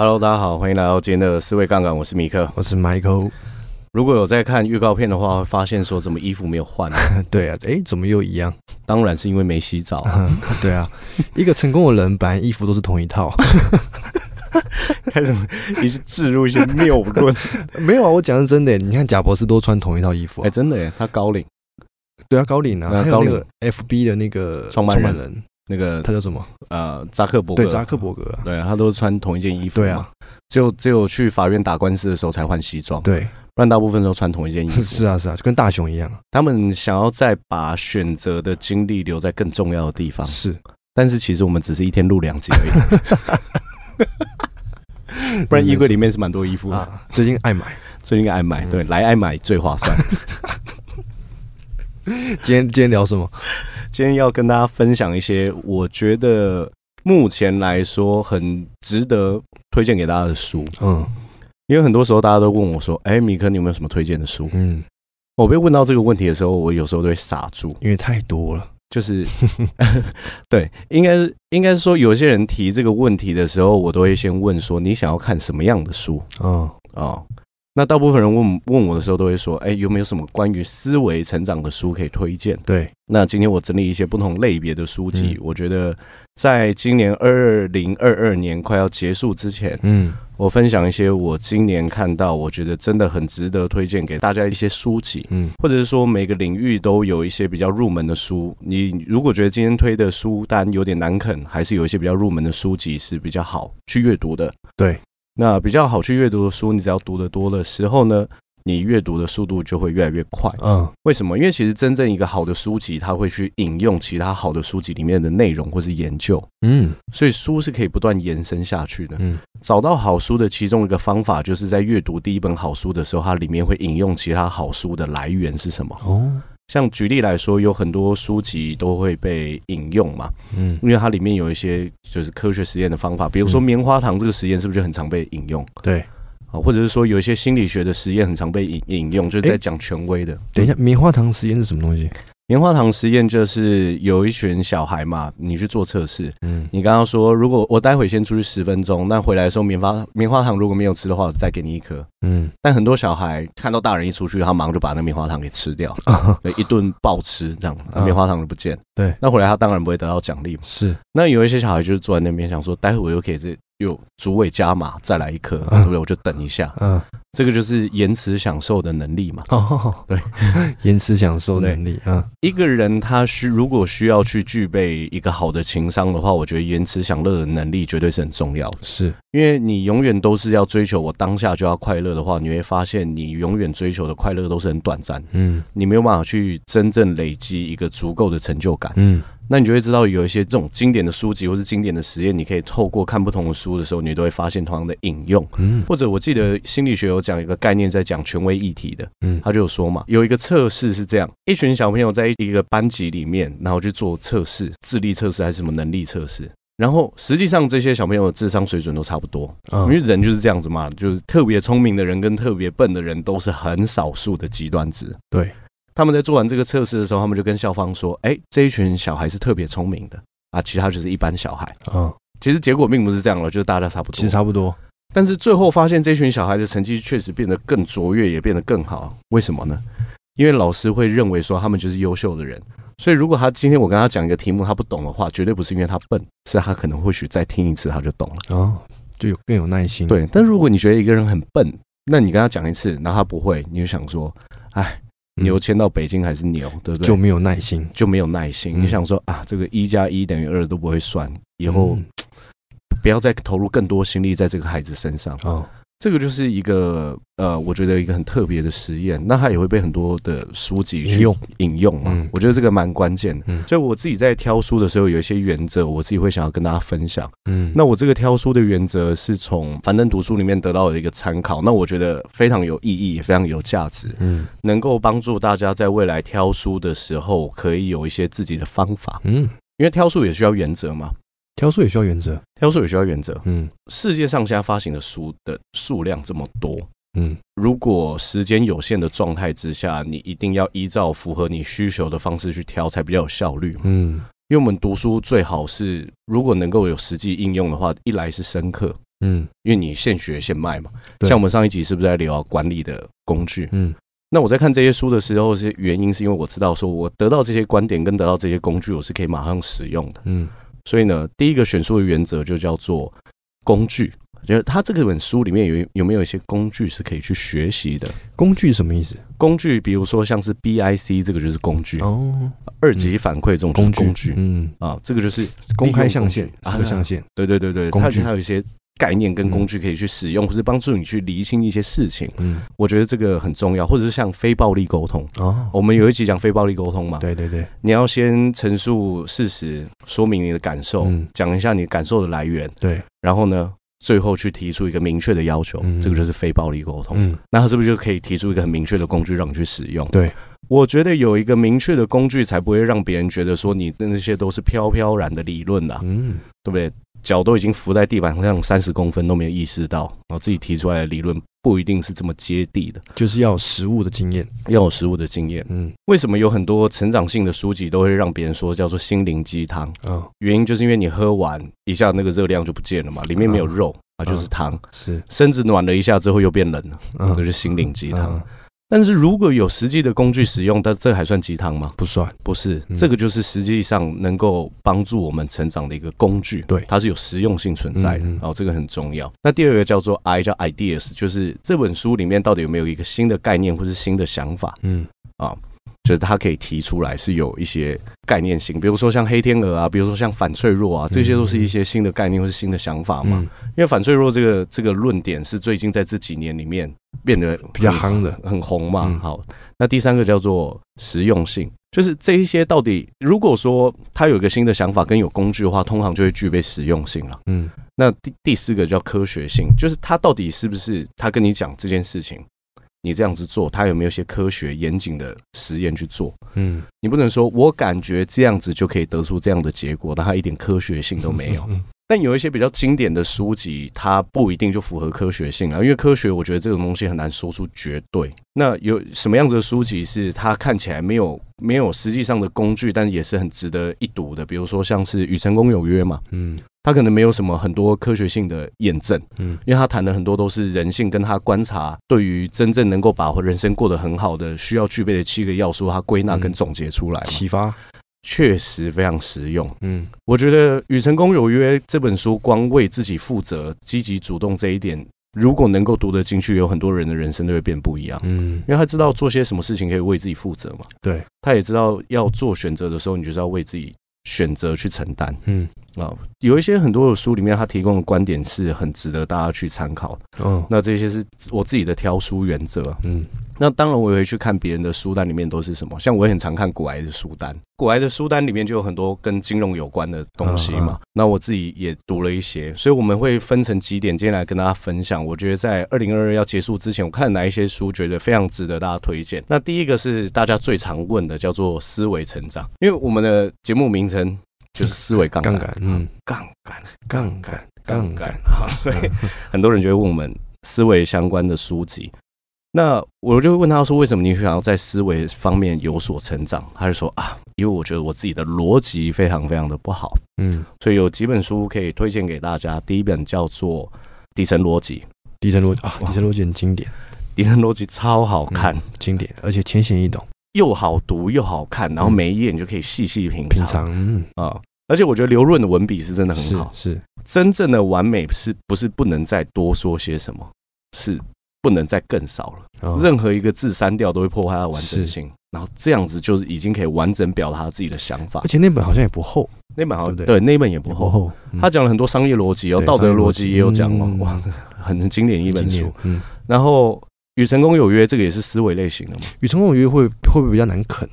Hello，大家好，歡迎來到今天的思維槓桿。我是米克，我是 Michael。如果有在看預告片的話，會發現說怎麼衣服沒有換、啊？ 對啊，哎，怎麼又一樣？當然是因為沒洗澡、啊嗯。對啊， 一個成功的人，本來衣服都是同一套。 開始一直置入一些謬論？ 沒有啊，我講的是真的。你看賈伯斯都穿同一套衣服、啊，哎，真的耶，他高領。對啊，高領啊，呃、高領還有那個 FB 的那個創辦人。那個他叫什麼？呃，扎克伯格。對，扎克伯格。對，他都穿同一件衣服。對啊，只有只有去法院打官司的時候才換西裝。對，不然大部分都穿同一件衣服。是啊，是啊，就跟大雄一樣。他們想要再把選擇的精力留在更重要的地方。是，但是其實我們只是一天錄兩集而已。不然衣櫃裡面是蠻多衣服的。最近愛買，最近愛買。對，來愛買最划算。今天今天聊什麼？今天要跟大家分享一些我覺得目前來說很值得推薦給大家的書。嗯，因為很多時候大家都問我說：“哎、欸，米克，你有沒有什麼推薦的書？”嗯、哦，我被問到這個問題的時候，我有時候都會傻住，因為太多了。就是 對，應該是應該是說，有些人提這個問題的時候，我都會先問說：“你想要看什麼樣的書？”嗯，哦。哦那大部分人問問我的時候，都會說：“哎、欸，有沒有什麼關於思維成長的書可以推薦？”對。那今天我整理一些不同類別的書籍，嗯、我覺得在今年二零二二年快要結束之前，嗯，我分享一些我今年看到，我覺得真的很值得推薦給大家一些書籍，嗯，或者是說每個領域都有一些比較入門的書。你如果覺得今天推的書單有點難啃，還是有一些比較入門的書籍是比較好去閱讀的，對。那比較好去閱讀的書，你只要讀得多的時候呢，你閱讀的速度就會越來越快。嗯，uh. 為什麼？因為其實真正一個好的書籍，它會去引用其他好的書籍裡面的內容或是研究。嗯，mm. 所以書是可以不斷延伸下去的。嗯，mm. 找到好書的其中一個方法，就是在閱讀第一本好書的時候，它裡面會引用其他好書的來源是什麼？哦。Oh. 像舉例來說，有很多書籍都會被引用嘛，嗯，因為它裡面有一些就是科學實驗的方法，比如說棉花糖這個實驗是不是就很常被引用？對，啊，或者是說有一些心理學的實驗很常被引引用，就是在講權威的。欸、就等一下，棉花糖實驗是什麼東西？棉花糖實驗就是有一群小孩嘛，你去做測試。嗯，你剛剛說，如果我待會先出去十分鐘，那回來的時候棉花棉花糖如果沒有吃的話，我再給你一顆。嗯，但很多小孩看到大人一出去，他馬上就把那棉花糖給吃掉，一頓爆吃，這樣棉花糖就不見。對，那回來他當然不會得到獎勵嘛。是，那有一些小孩就是坐在那邊想說，待會我又可以這。有主委加碼，再來一顆，嗯、對不對？我就等一下，嗯，這個就是延遲享受的能力嘛。哦，哦哦對，延遲 享受的能力，嗯對， 一個人他需如果需要去具備一個好的情商的話，我覺得延遲享樂的能力絕對是很重要的，是。因為你永遠都是要追求我當下就要快樂的話，你會發現你永遠追求的快樂都是很短暫。嗯，你沒有辦法去真正累積一個足夠的成就感。嗯，那你就會知道有一些這種經典的書籍或是經典的實驗，你可以透過看不同的書的時候，你都會發現同樣的引用。嗯，或者我記得心理學有講一個概念，在講權威議題的。嗯，他就說嘛，有一個測試是這樣：一群小朋友在一個班級裡面，然後去做測試，智力測試還是什麼能力測試。然後，實際上這些小朋友的智商水準都差不多，嗯，因為人就是這樣子嘛，就是特別聰明的人跟特別笨的人都是很少數的極端值。對，他們在做完這個測試的時候，他們就跟校方說：“哎，這一群小孩是特別聰明的，啊，其他就是一般小孩。”嗯，啊，其實結果並不是這樣了，就是大家差不多。其實差不多，但是最後發現這群小孩的成績確實變得更卓越，也變得更好。為什麼呢？因為老師會認為說他們就是優秀的人。所以，如果他今天我跟他講一個題目，他不懂的話，絕對不是因為他笨，是他可能或許再聽一次他就懂了哦，就有更有耐心。對，但如果你覺得一個人很笨，那你跟他講一次，然後他不會，你就想說，哎，牛牽到北京還是牛，對不對？就沒有耐心，就沒有耐心。你想說啊，這個一加一等於二都不會算，以後不要再投入更多心力在這個孩子身上啊。這個就是一個呃，我覺得一個很特別的實驗，那它也會被很多的書籍去引用引用嘛。用我覺得這個蠻關鍵的，嗯，所以我自己在挑書的時候有一些原則，我自己會想要跟大家分享。嗯，那我這個挑書的原則是從樊登讀書裡面得到的一個參考，那我覺得非常有意義，也非常有價值，嗯，能夠幫助大家在未來挑書的時候可以有一些自己的方法。嗯，因為挑書也需要原則嘛。挑書也需要原則，挑書也需要原則。嗯，世界上現在發行的書的數量這麼多，嗯，如果時間有限的狀態之下，你一定要依照符合你需求的方式去挑，才比較有效率。嗯，因為我們讀書最好是，如果能夠有實際應用的話，一來是深刻，嗯，因為你現學現賣嘛。像我們上一集是不是在聊、啊、管理的工具？嗯，那我在看這些書的時候，是原因是因為我知道，說我得到這些觀點跟得到這些工具，我是可以馬上使用的。嗯。所以呢，第一個選書的原則就叫做工具。就是他這本書裡面有有沒有一些工具是可以去學習的？工具什麼意思？工具，比如說像是 BIC 這個就是工具哦，二級反饋這種工具，嗯，工具啊，這個就是公開象限、嗯啊這個、公開象限、啊，對對對對，對，工具還有一些。概念跟工具可以去使用，或是幫助你去釐清一些事情。嗯，我覺得這個很重要，或者是像非暴力溝通。哦，我們有一集講非暴力溝通嘛？對對對，你要先陳述事實，說明你的感受，講一下你感受的來源。對，然後呢，最後去提出一個明確的要求。這個就是非暴力溝通。嗯，那是不是就可以提出一個很明確的工具讓你去使用？對，我覺得有一個明確的工具，才不會讓別人覺得說你的那些都是飄飄然的理論啊。嗯，對不對？腳都已經浮在地板上三十公分都沒有意識到，然後自己提出來的理論不一定是這麼接地的，就是要有實物的經驗，要有實物的經驗。嗯，為什麼有很多成長性的書籍都會讓別人說叫做心靈雞湯？啊、哦，原因就是因為你喝完一下那個熱量就不見了嘛，裡面沒有肉、哦、啊，就是湯、哦，是身子暖了一下之後又變冷了，哦嗯、就是心靈雞湯。哦但是如果有實際的工具使用，但這還算雞湯嗎？不算，不是。嗯、這個就是實際上能夠幫助我們成長的一個工具。對，它是有實用性存在的，然後、嗯嗯哦、這個很重要。那第二個叫做 I，叫 Ideas，就是這本書裡面到底有沒有一個新的概念，或是新的想法？嗯，啊、哦。就是他可以提出來是有一些概念性，比如說像黑天鵝啊，比如說像反脆弱啊，嗯、這些都是一些新的概念或是新的想法嘛。嗯、因為反脆弱這個這個論點是最近在這幾年裡面變得比較夯的，嗯、很紅嘛。嗯、好，那第三個叫做實用性，就是這一些到底如果說他有一個新的想法跟有工具的話，通常就會具備實用性了。嗯，那第第四個叫科學性，就是他到底是不是他跟你講這件事情，你這樣子做，他有沒有一些科學嚴謹的實驗去做？嗯，你不能說我感覺這樣子就可以得出這樣的結果，那他一點科學性都沒有。但有一些比較經典的書籍，它不一定就符合科學性啊。因為科學我覺得這個東西很難說出絕對。那有什麼樣子的書籍是它看起來沒有沒有實際上的工具，但也是很值得一讀的？比如說像是《與成功有約》嘛，嗯。他可能沒有什麼很多科學性的驗證，嗯，因為他談的很多都是人性，跟他觀察對於真正能夠把人生過得很好的需要具備的七個要素，他歸納跟總結出來，嗯、啟發確實非常實用，嗯，我覺得《與成功有約》這本書，光為自己負責、積極主動這一點，如果能夠讀得進去，有很多人的人生都會變不一樣，嗯，因為他知道做些什麼事情可以為自己負責嘛，對，他也知道要做選擇的時候，你就是要為自己選擇去承擔，嗯。有一些很多的書裡面，他提供的觀點是很值得大家去參考。嗯，那這些是我自己的挑書原則。嗯，那當然我也會去看別人的書單裡面都是什麼，像我也很常看股癌的書單，股癌的書單裡面就有很多跟金融有關的東西嘛。那我自己也讀了一些，所以我們會分成幾點，今天來跟大家分享。我覺得在二零二二要結束之前，我看哪一些書覺得非常值得大家推薦。那第一個是大家最常問的，叫做思維成長，因為我們的節目名稱就是思維槓桿，嗯，槓桿，槓桿，槓桿，哈。所以很多人就會問我們思維相關的書籍。那我就問他說：“為什麼你想要在思維方面有所成長？”他就說：“啊，因為我覺得我自己的邏輯非常非常的不好，嗯，所以有幾本書可以推薦給大家。第一本叫做《底層邏輯》，《底層邏輯》啊，《底層邏輯》很經典，《底層邏輯》超好看，經典而且淺顯易懂，又好讀又好看，然後每一頁你就可以細細品嘗，嗯啊。”而且我覺得劉潤的文筆是真的很好，是，是真正的完美，是不是不能再多說些什麼，是不能再更少了。哦、任何一個字刪掉都會破壞它的完整性，是然後這樣子就是已經可以完整表達自己的想法。而且那本好像也不厚，那本好像對，不對，對那本也不厚。不厚嗯、他講了很多商業邏輯，有道德邏輯也有講了，哇，很經典一本書。嗯，然後與成功有約，這個也是思維類型的嘛。與成功有約會會不會比較難啃？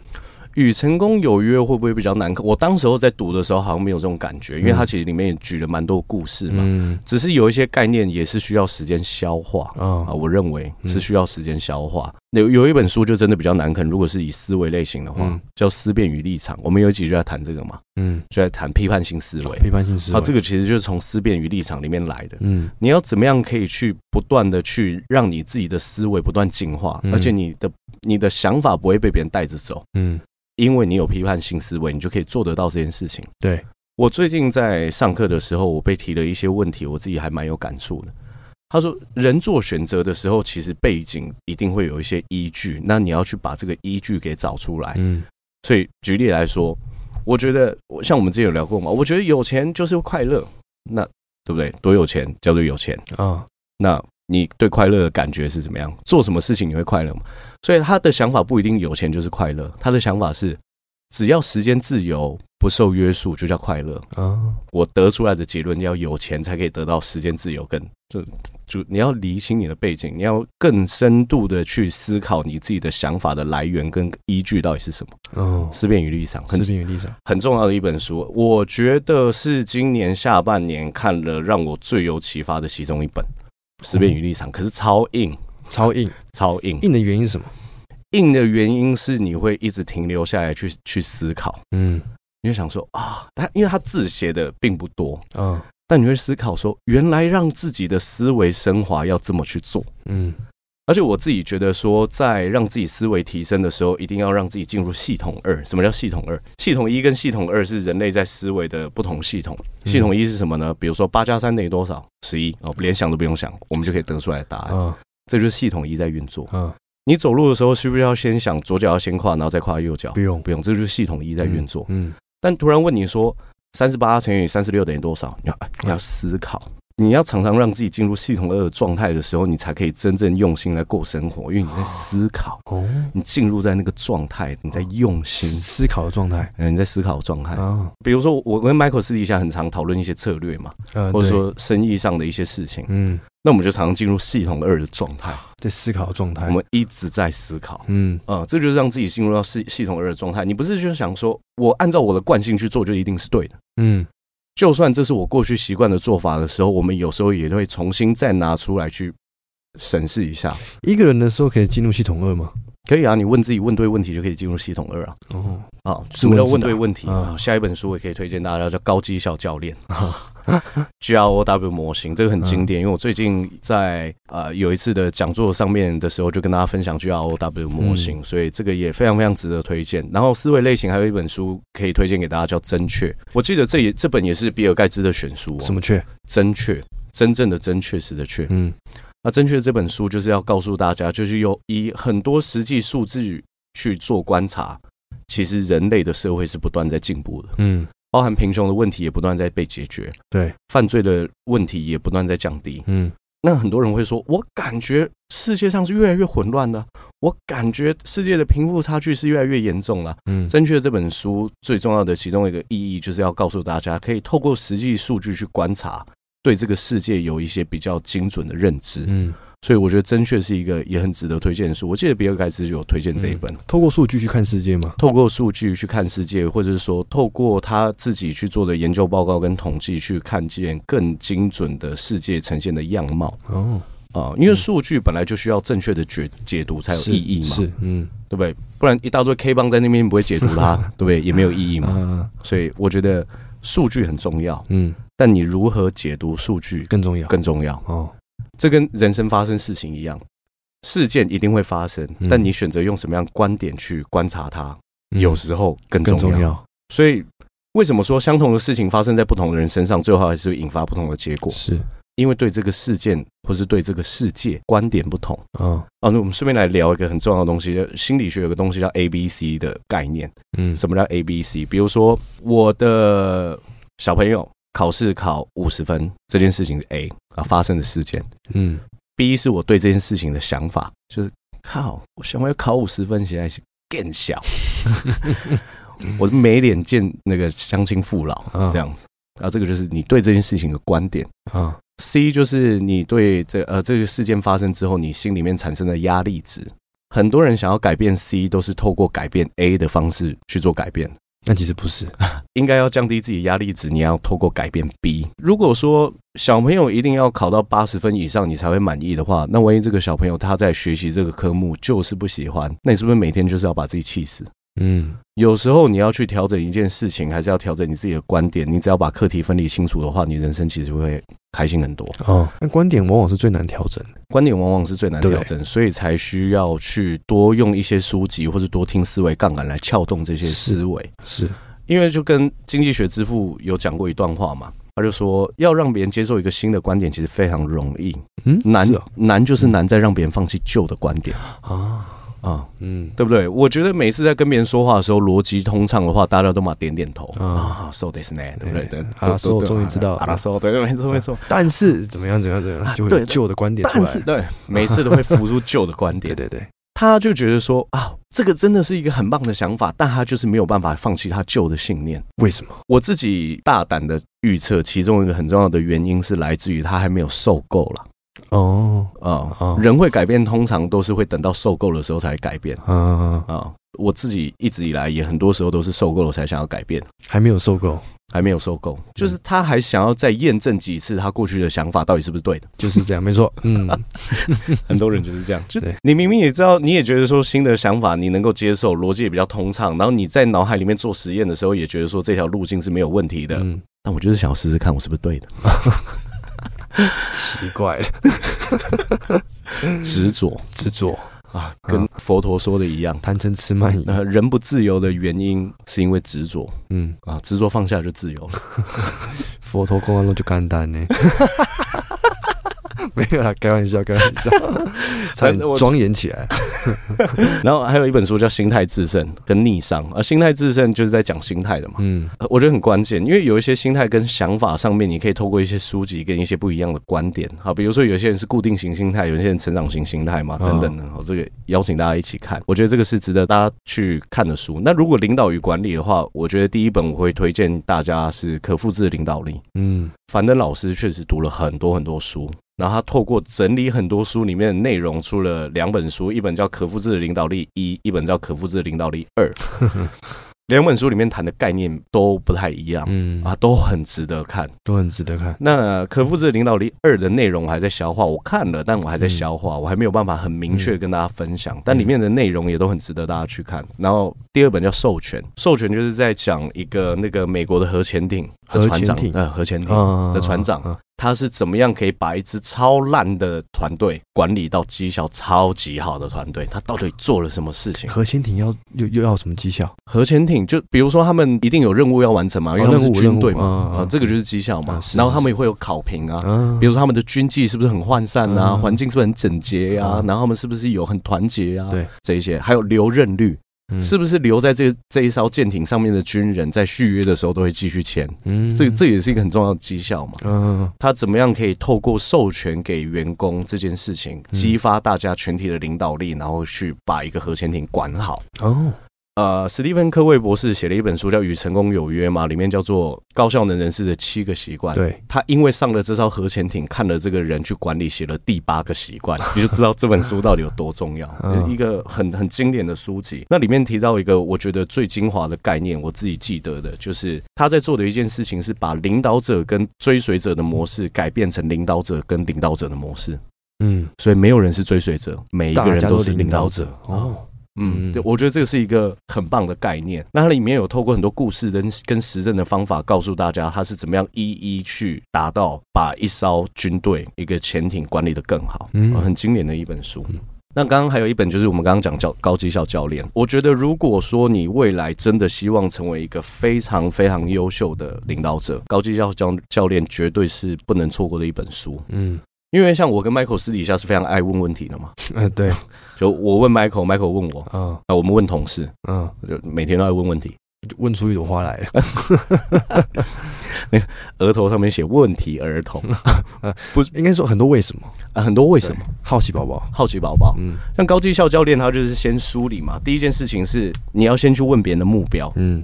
與成功有約會不會比較難啃？我當時候在讀的時候好像沒有這種感覺，因為它其實裡面也舉了蠻多故事嘛。嗯、只是有一些概念也是需要時間消化、哦嗯、啊。我認為是需要時間消化。有有一本書就真的比較難啃，如果是以思維類型的話，嗯、叫《思辨與立場》。我們有一集就在談這個嘛。嗯。就在談批判性思維、哦。批判性思維。啊，這個其實就是從《思辨與立場》裡面來的。嗯。你要怎麼樣可以去不斷的去讓你自己的思維不斷進化，嗯、而且你的你的想法不會被別人帶着走。嗯。因為你有批判性思維，你就可以做得到這件事情。對，我最近在上課的時候，我被提了一些問題，我自己還蠻有感觸的。他說，人做選擇的時候，其實背景一定會有一些依據，那你要去把這個依據給找出來。嗯，所以舉例來說，我覺得我像我們之前有聊過嘛，我覺得有錢就是快樂，那對不對？多有錢叫做有錢啊？哦，那。你對快樂的感覺是怎麼樣？做什麼事情你會快樂嗎？所以他的想法不一定有錢就是快樂，他的想法是只要時間自由不受約束就叫快樂啊。Oh. 我得出來的結論要有錢才可以得到時間自由，跟就就你要理清你的背景，你要更深度的去思考你自己的想法的來源跟依據到底是什麼。哦，《思辨與立場》很《思辨與立場》很重要的一本書，我覺得是今年下半年看了讓我最有啟發的其中一本。思辨與立場，嗯、可是超硬，超硬，超硬。硬的原因是什麼？硬的原因是你會一直停留下來去去思考，嗯，你會想說啊，他、哦、因為他字寫的並不多，嗯，但你會思考說，原來讓自己的思維升華要這麼去做，嗯。而且我自己覺得說，在讓自己思維提升的時候，一定要讓自己進入系統二。什麼叫系統二？系統一跟系統二是人類在思維的不同系統。系統一是什麼呢？比如說八加三等於多少？十一哦，連想都不用想，我們就可以得出來的答案。啊，這就是系統一在運作。啊，你走路的時候需不需要先想左腳要先跨，然後再跨右腳？不用，不用，這就是系統一在運作。嗯，嗯，但突然問你說三十八乘以三十六等於多少？你要你要思考。你要常常讓自己進入系統二的狀態的時候，你才可以真正用心來過生活。因為你在思考，你進入在那個狀態，你在用心思考的狀態，你在思考的狀態。啊，比如說我跟 Michael 私底下很常討論一些策略嘛，或者說生意上的一些事情。嗯，那我們就常常進入系統二的狀態，在思考的狀態，我們一直在思考。嗯，啊，這就是讓自己進入到系系統二的狀態。你不是就想說，我按照我的慣性去做，就一定是對的。嗯。就算這是我過去習慣的做法的時候，我們有時候也會重新再拿出來去審視一下。一個人的時候可以進入系統二嗎？可以啊，你問自己問對問題就可以進入系統二啊。哦，好，什麼叫問對問題啊？嗯，下一本書也可以推薦大家叫《高績效教練》哦啊、GROW 模型這個很經典，啊、因為我最近在呃有一次的講座上面的時候，就跟大家分享 GROW 模型，嗯、所以這個也非常非常值得推薦。然後思維類型還有一本書可以推薦給大家，叫《真確》。我記得這也這本也是比爾蓋茨的選書，哦。什麼缺真確，真正的真確實的確。嗯，那真確的這本書就是要告訴大家，就是用以很多實際數字去做觀察，其實人類的社會是不斷在進步的。嗯。包含貧窮的問題也不斷在被解決，對犯罪的問題也不斷在降低。嗯，那很多人會說，我感覺世界上是越來越混亂了，我感覺世界的貧富差距是越來越嚴重了。嗯，正確的這本書最重要的其中一個意義，就是要告訴大家，可以透過實際數據去觀察，對這個世界有一些比較精準的認知。嗯。所以我覺得《真確》是一個也很值得推薦的書。我記得比爾·蓋茨就有推薦這一本。嗯、透過數據去看世界嗎？透過數據去看世界，或者是說透過他自己去做的研究報告跟統計，去看見更精準的世界呈現的樣貌。哦啊、呃，因為數據本來就需要正確的解解讀才有意義嘛。是，是嗯，對不對？不然一大堆 K 棒在那邊不會解讀啦 對不對？也沒有意義嘛。嗯、所以我覺得數據很重要。嗯，但你如何解讀數據更重要，更重要哦。這跟人生發生事情一樣，事件一定會發生，嗯、但你選擇用什麼樣觀點去觀察它，嗯、有時候更重要。重要。所以，為什麼說相同的事情發生在不同的人身上，最後還是會引發不同的結果？是。因為對這個事件或是對這個世界觀點不同。啊、哦、啊，那我們順便來聊一個很重要的東西，就心理學有個東西叫 A B C 的概念。嗯，什麼叫 A B C？比如說，我的小朋友。考試考五十分這件事情是 A，啊，發生的事件，嗯，B 是我對這件事情的想法，就是靠，我想我要考五十分，現在是更小， 我沒臉見那個鄉親父老、oh. 這樣子，啊，這個就是你對這件事情的觀點啊、oh.，C 就是你對這呃這個事件發生之後，你心裡面產生的壓力值，很多人想要改變 C，都是透過改變 A 的方式去做改變，但其實不是。應該要降低自己壓力值，你要透過改變 B。如果說小朋友一定要考到八十分以上你才會滿意的話，那萬一這個小朋友他在學習這個科目就是不喜歡，那你是不是每天就是要把自己氣死？嗯，有時候你要去調整一件事情，還是要調整你自己的觀點。你只要把課題分離清楚的話，你人生其實會開心很多。哦，那觀點往往是最難調整，觀點往往是最難調整，對所以才需要去多用一些書籍或是多聽思維槓桿來撬動這些思維是。是因為就跟經濟學之父有講過一段話嘛，他就說要讓別人接受一個新的觀點，其實非常容易，嗯，難難就是難在讓別人放棄舊的觀點啊啊嗯，對不對？我覺得每次在跟別人說話的時候，邏輯通暢的話，大家都馬點點頭啊，so this a 呢，對不對？啊，so 終於知道，啊，so 對，沒錯沒錯。但是怎麼樣怎麼樣就會舊的觀點，但是對，每次都會浮出舊的觀點，對對對。他就覺得說啊，這個真的是一個很棒的想法，但他就是沒有辦法放棄他舊的信念。為什麼？我自己大膽的預測，其中一個很重要的原因是來自於他還沒有受夠了。哦，哦，人會改變，通常都是會等到受夠的時候才改變。Oh. 嗯啊，我自己一直以來也很多時候都是受夠了才想要改變，還沒有受夠。還沒有收購，就是他還想要再驗證幾次他過去的想法到底是不是對的，就是這樣，沒錯。嗯， 很多人就是這樣。就你明明也知道，你也覺得說新的想法你能夠接受，邏輯也比較通暢，然後你在腦海裡面做實驗的時候也覺得說這條路徑是沒有問題的，嗯，但我就是想要試試看我是不是對的。 奇怪了，執 着，執着。啊，跟佛陀說的一樣，啊、貪嗔痴慢疑，人不自由的原因是因為執着。嗯，啊，執着放下就自由了。 佛陀講完了就簡單呢。 沒有啦，開玩笑，開玩笑， 才莊嚴起來。 然後還有一本書叫《心態制勝》跟《逆商》而《心態制勝》就是在講心態的嘛。嗯、呃，我覺得很關鍵，因為有一些心態跟想法上面，你可以透過一些書籍跟一些不一樣的觀點。好，比如說，有些人是固定型心態，有些人成長型心態嘛，等等的。好，哦、這個邀請大家一起看，我覺得這個是值得大家去看的書。那如果領導與管理的話，我覺得第一本我會推薦大家是《可複製的領導力》。嗯，樊登老師確實讀了很多很多書。然後他透過整理很多書裡面的內容，出了兩本書，一本叫《可複製的領導力一》，一本叫《可複製的領導力二》。 兩本書裡面談的概念都不太一樣，嗯啊，都很值得看，都很值得看。那《可複製的領導力二》的內容我還在消化，我看了，但我還在消化，嗯、我還沒有辦法很明確跟大家分享。嗯、但裡面的內容也都很值得大家去看。嗯、然後第二本叫《授權》，授權就是在講一個那個美國的核潛艇的船長，嗯、啊，核潛艇的船長。啊啊啊他是怎麼樣可以把一支超爛的團隊管理到績效超級好的團隊？他到底做了什麼事情？核潛艇要又又要什麼績效？核潛艇就比如說他們一定有任務要完成嘛，因為是軍隊嘛，啊，啊，啊，啊，這個就是績效嘛。啊、是，然後他們也會有考評啊，啊比如說他們的軍紀是不是很渙散啊，環、啊、境是不是很整潔呀、啊，啊、然後他們是不是有很團結啊，啊？對，這一些還有留任率。是不是留在這這一艘艦艇上面的軍人，在續約的時候都會繼續簽？嗯，這這也是一個很重要的績效嘛。嗯，他怎麼樣可以透過授權給員工這件事情，激發大家全體的領導力，然後去把一個核潛艇管好？哦。呃，史蒂芬·柯維博士寫了一本書，叫《與成功有約》嘛，裡面叫做《高效能人士的七個習慣》對。對他，因為上了這艘核潛艇，看了這個人去管理，寫了第八個習慣，你就知道這本書到底有多重要。 一個很很經典的書籍。那裡面提到一個我覺得最精華的概念，我自己記得的就是他在做的一件事情是把領導者跟追隨者的模式改變成領導者跟領導者的模式。嗯，所以沒有人是追隨者，每一個人都是領導者。大家都領導者哦。嗯，對，我覺得這個是一個很棒的概念。那它裡面有透過很多故事跟跟實證的方法，告訴大家它是怎麼樣一一去達到把一艘軍隊、一個潛艇管理得更好。嗯，呃、很經典的一本書。嗯、那剛剛還有一本，就是我們剛剛講叫《高績效教練》。我覺得，如果說你未來真的希望成為一個非常非常優秀的領導者，高績效教教練絕對是不能錯過的一本書。嗯。因為像我跟 Michael 私底下是非常愛問問題的嘛，嗯、呃，對，就我問 Michael，Michael 問我，嗯、呃，啊，我們問同事，嗯、呃，就每天都愛問問題，問出一朵花來了，那個額頭上面寫“問題兒童”，不是、呃、應該說很多為什麼啊，很多為什麼，對好奇寶寶，好奇寶寶，嗯，像高績效教練他就是先梳理嘛，第一件事情是你要先去問別人的目標，嗯。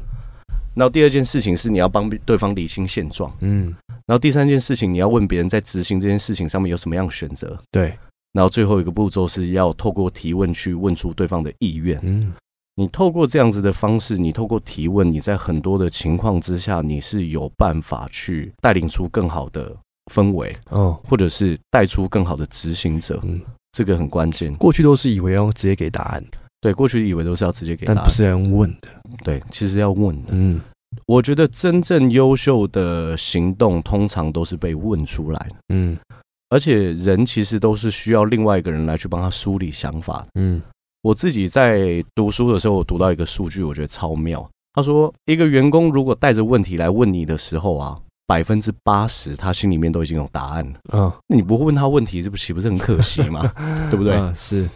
那第二件事情是你要幫對方理清現狀，嗯，然後第三件事情你要問別人在執行這件事情上面有什麼樣的選擇，對，然後最後一個步驟是要透過提問去問出對方的意願，嗯，你透過這樣子的方式，你透過提問，你在很多的情況之下你是有辦法去帶領出更好的氛圍，嗯、哦，或者是帶出更好的執行者，嗯，這個很關鍵，過去都是以為要直接給答案。對，過去以為都是要直接給他，但不是要問的。對，其實要問的。嗯，我覺得真正優秀的行動，通常都是被問出來的。嗯，而且人其實都是需要另外一個人來去幫他梳理想法的。嗯，我自己在讀書的時候，我讀到一個數據，我覺得超妙。他說，一個員工如果帶着問題來問你的時候啊，百分之八十他心裡面都已經有答案了。嗯，那你不問他問題，這不豈不是很可惜嗎？ 對不對？嗯，是。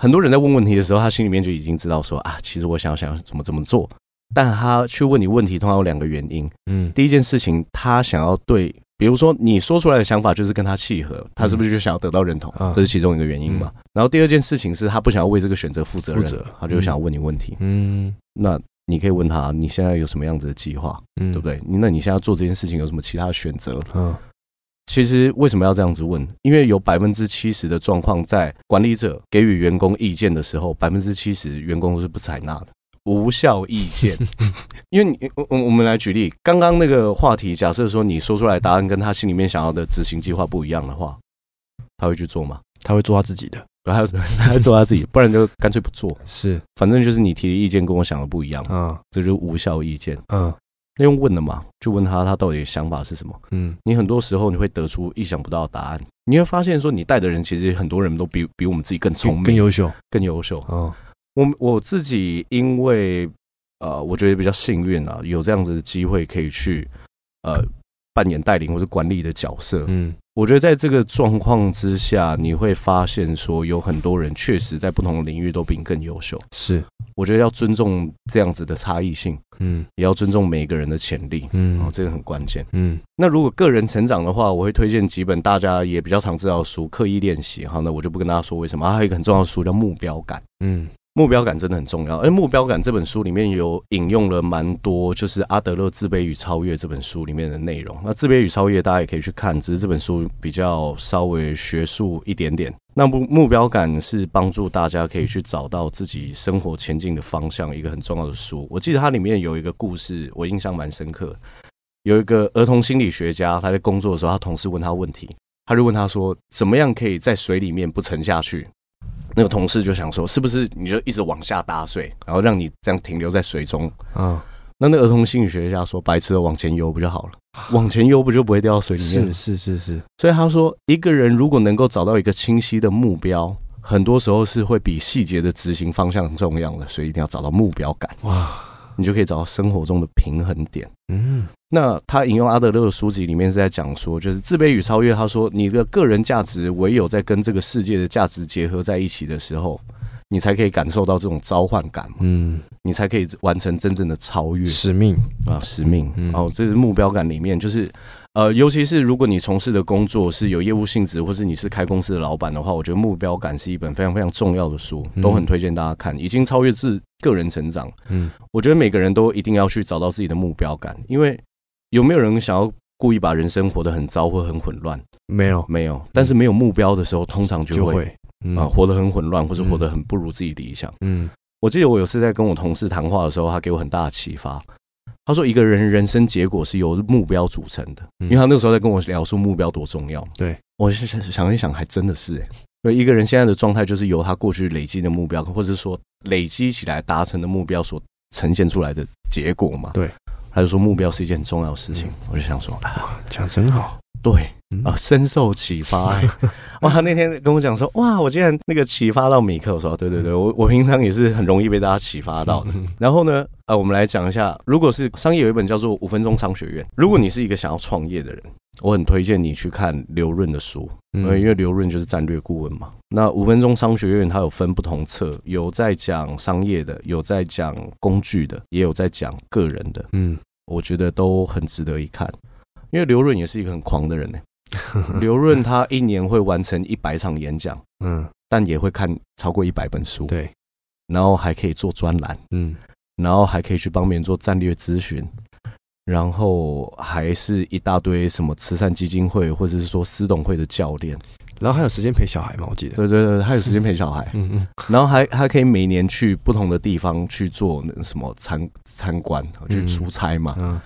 很多人在問問題的時候，他心裡面就已經知道說啊，其實我想要想要怎麼怎麼做，但他去問你問題通常有兩個原因，嗯，第一件事情他想要對，比如說你說出來的想法就是跟他契合，他是不是就想要得到認同，嗯、這是其中一個原因嘛？嗯、然後第二件事情是他不想要為這個選擇負責任，負責，他就想要問你問題，嗯，那你可以問他你現在有什麼樣子的計劃，嗯、對不對？那你現在做這件事情有什麼其他的選擇？嗯嗯其實為什麼要這樣子問？因為有百分之七十的狀況，在管理者給予員工意見的時候，百分之七十員工都是不採納的，無效意見。 因為你，我，我們來舉例，剛剛那個話題，假設說你說出來答案跟他心裡面想要的執行計劃不一樣的話，他會去做嗎？他會做他， 他會做他自己的，他要他做他自己，不然就乾脆不做。是，反正就是你提的意見跟我想的不一樣，啊、嗯，這就是無效意見，嗯。用問的嘛？就問他，他到底想法是什麼？嗯，你很多時候你會得出意想不到的答案。你會發現，說你帶的人其實很多人都比比我們自己更聰明更、更優秀、更優秀。嗯，我我自己因為呃，我覺得比較幸運啊，有這樣子的機會可以去呃扮演帶領或者管理的角色。嗯。我覺得在這個狀況之下，你會發現說有很多人確實在不同的領域都比你更優秀。是，我覺得要尊重這樣子的差異性，嗯，也要尊重每一個人的潛力，嗯，哦，這個很關鍵，嗯。那如果個人成長的話，我會推薦幾本大家也比較常知道的書，《刻意練習》，好，那我就不跟大家說為什麼。啊，還有一個很重要的書叫《目標感》，嗯。目標感真的很重要，而《目標感》這本書裡面有引用了蠻多，就是阿德勒《自卑與超越》這本書裡面的內容。那《自卑與超越》大家也可以去看，只是這本書比較稍微學術一點點。那目《目標感》是幫助大家可以去找到自己生活前進的方向，一個很重要的書。我記得它裡面有一個故事，我印象蠻深刻。有一個兒童心理學家，他在工作的時候，他同事問他問題，他就問他說：“怎麼樣可以在水裡面不沉下去？”那個同事就想說，是不是你就一直往下打水，然後讓你這樣停留在水中？啊、嗯，那那兒童心理學家說，白痴都往前游不就好了？往前游不就不會掉到水裡面？是，是是是是，所以他說，一個人如果能夠找到一個清晰的目標，很多時候是會比細節的執行方向重要的，所以一定要找到目標感。哇！你就可以找到生活中的平衡點。嗯，那他引用阿德勒的書籍裡面是在講說，就是自卑與超越。他說，你的個人價值唯有在跟這個世界的價值結合在一起的時候，你才可以感受到這種召喚感。嗯，你才可以完成真正的超越使命啊，使命。然後這是目標感裡面就是。呃，尤其是如果你從事的工作是有業務性質，或是你是開公司的老板的話，我覺得目標感是一本非常非常重要的書，都很推薦大家看。嗯、已經超越自個人成長，嗯，我覺得每個人都一定要去找到自己的目標感，因為有沒有人想要故意把人生活得很糟或很混亂？沒有，沒有。但是沒有目標的時候，通常就會，就會、嗯、啊，活得很混亂，或者活得很不如自己理想。嗯，我記得我有次在跟我同事談話的時候，他給我很大的啟發。他說：“一個人人生結果是由目標組成的，因為他那個時候在跟我聊說目標多重要。對、嗯、我想想一想，還真的是、欸、所以一個人現在的狀態就是由他過去累積的目標，或者說累積起來達成的目標所呈現出來的結果嘛。對，他就說目標是一件很重要的事情。嗯、我就想說，哇、啊，講真好，對。”啊，深受啟發！ 哇，那天跟我講說，哇，我竟然那個啟發到米克。我說，對對對，我我平常也是很容易被大家啟發到的。然後呢，呃、啊，我們來講一下，如果是商業有一本叫做《五分鐘商學院》，如果你是一個想要創業的人，我很推薦你去看劉潤的書，因為劉潤就是戰略顧問嘛。那《五分鐘商學院》它有分不同冊，有在講商業的，有在講工具的，也有在講個人的。嗯，我覺得都很值得一看，因為劉潤也是一個很狂的人呢、欸。劉潤 他一年會完成一百場演講，嗯，但也會看超過一百本書，對，然後還可以做專欄，嗯，然後還可以去幫別人做戰略諮詢，然後還是一大堆什麼慈善基金會或者是說私董會的教練，然後還有時間陪小孩嗎？我記得，對對對，還有時間陪小孩，嗯嗯，然後還還可以每年去不同的地方去做那個什麼參參觀，去出差嘛。嗯嗯嗯嗯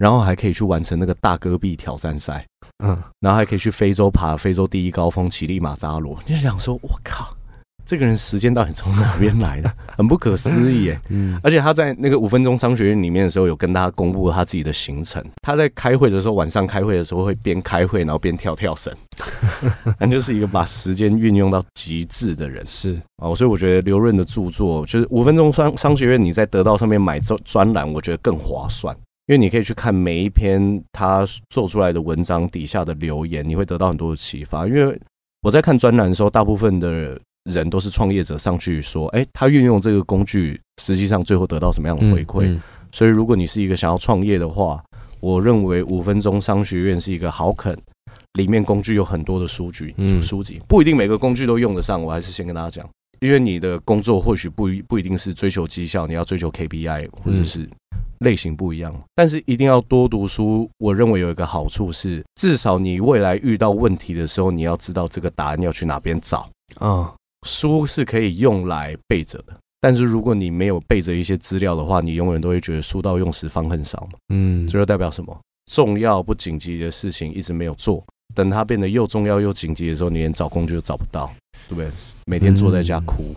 然後還可以去完成那個大戈壁挑戰賽，嗯，然後還可以去非洲爬非洲第一高峰乞力馬扎羅。你想說，我靠，這個人時間到底從哪邊來的？很不可思議耶。嗯，而且他在那個五分鐘商學院裡面的時候，有跟大家公布他自己的行程。他在開會的時候，晚上開會的時候會邊開會，然後邊跳跳繩。反正 就是一個把時間運用到極致的人。是啊、哦，所以我覺得劉潤的著作就是《五分鐘商商學院》，你在得到上面買專專欄，我覺得更划算。因為你可以去看每一篇他做出來的文章底下的留言，你會得到很多的啟發。因為我在看專欄的時候，大部分的人都是創業者上去說，哎、欸，他運用這個工具，實際上最後得到什麼樣的回饋。嗯嗯、所以，如果你是一個想要創業的話，我認為五分鐘商學院是一個好啃。裡面工具有很多的書籍，書籍不一定每個工具都用得上。我還是先跟大家講，因為你的工作或許不不一定是追求績效，你要追求 KPI 或者是。類型不一樣，但是一定要多讀書。我認為有一個好處是，至少你未來遇到問題的時候，你要知道這個答案要去哪邊找。啊、哦，書是可以用來背着的，但是如果你沒有背着一些資料的話，你永遠都會覺得書到用時方恨少嘛。嗯，這就代表什麼？重要不緊急的事情一直沒有做，等它變得又重要又緊急的時候，你連找工具都找不到。對不對？每天坐在家哭。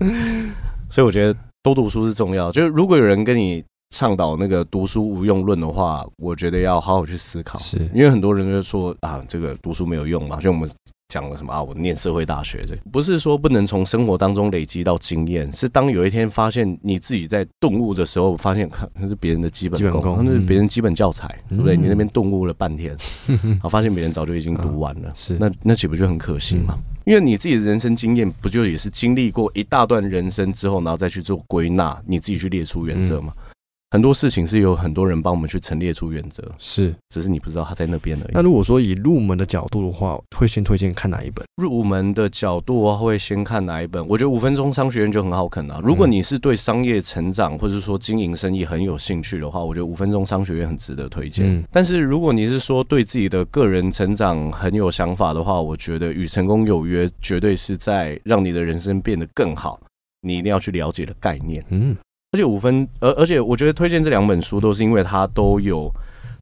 嗯，所以我覺得。多讀書是重要的，就是如果有人跟你倡導那個讀書無用論的話，我覺得要好好去思考。是，因為很多人就說啊，這個讀書沒有用嘛。就我們講了什麼啊，我念社會大學，這不是說不能從生活當中累積到經驗，是當有一天發現你自己在頓悟的時候，發現看那是別人的基本功，那、嗯啊就是別人基本教材，對、嗯、不對？你那邊頓悟了半天，啊、嗯，發現別人早就已經讀完了，嗯、是那那豈不就很可惜嗎？嗯因為你自己的人生經驗，不就也是經歷過一大段人生之後，然後再去做歸納，你自己去列出原則嗎？嗯很多事情是有很多人幫我們去陳列出原則，是，只是你不知道他在那邊而已。那如果說以入門的角度的話，會先推薦看哪一本？入門的角度會先看哪一本？我覺得《五分鐘商學院》就很好啃啊。如果你是對商業成長或者說經營生意很有興趣的話，我覺得《五分鐘商學院》很值得推薦。但是如果你是說對自己的個人成長很有想法的話，我覺得《與成功有約》絕對是在讓你的人生變得更好，你一定要去了解的概念。嗯。而且五分，而而且我覺得推薦這兩本書都是因為它都有，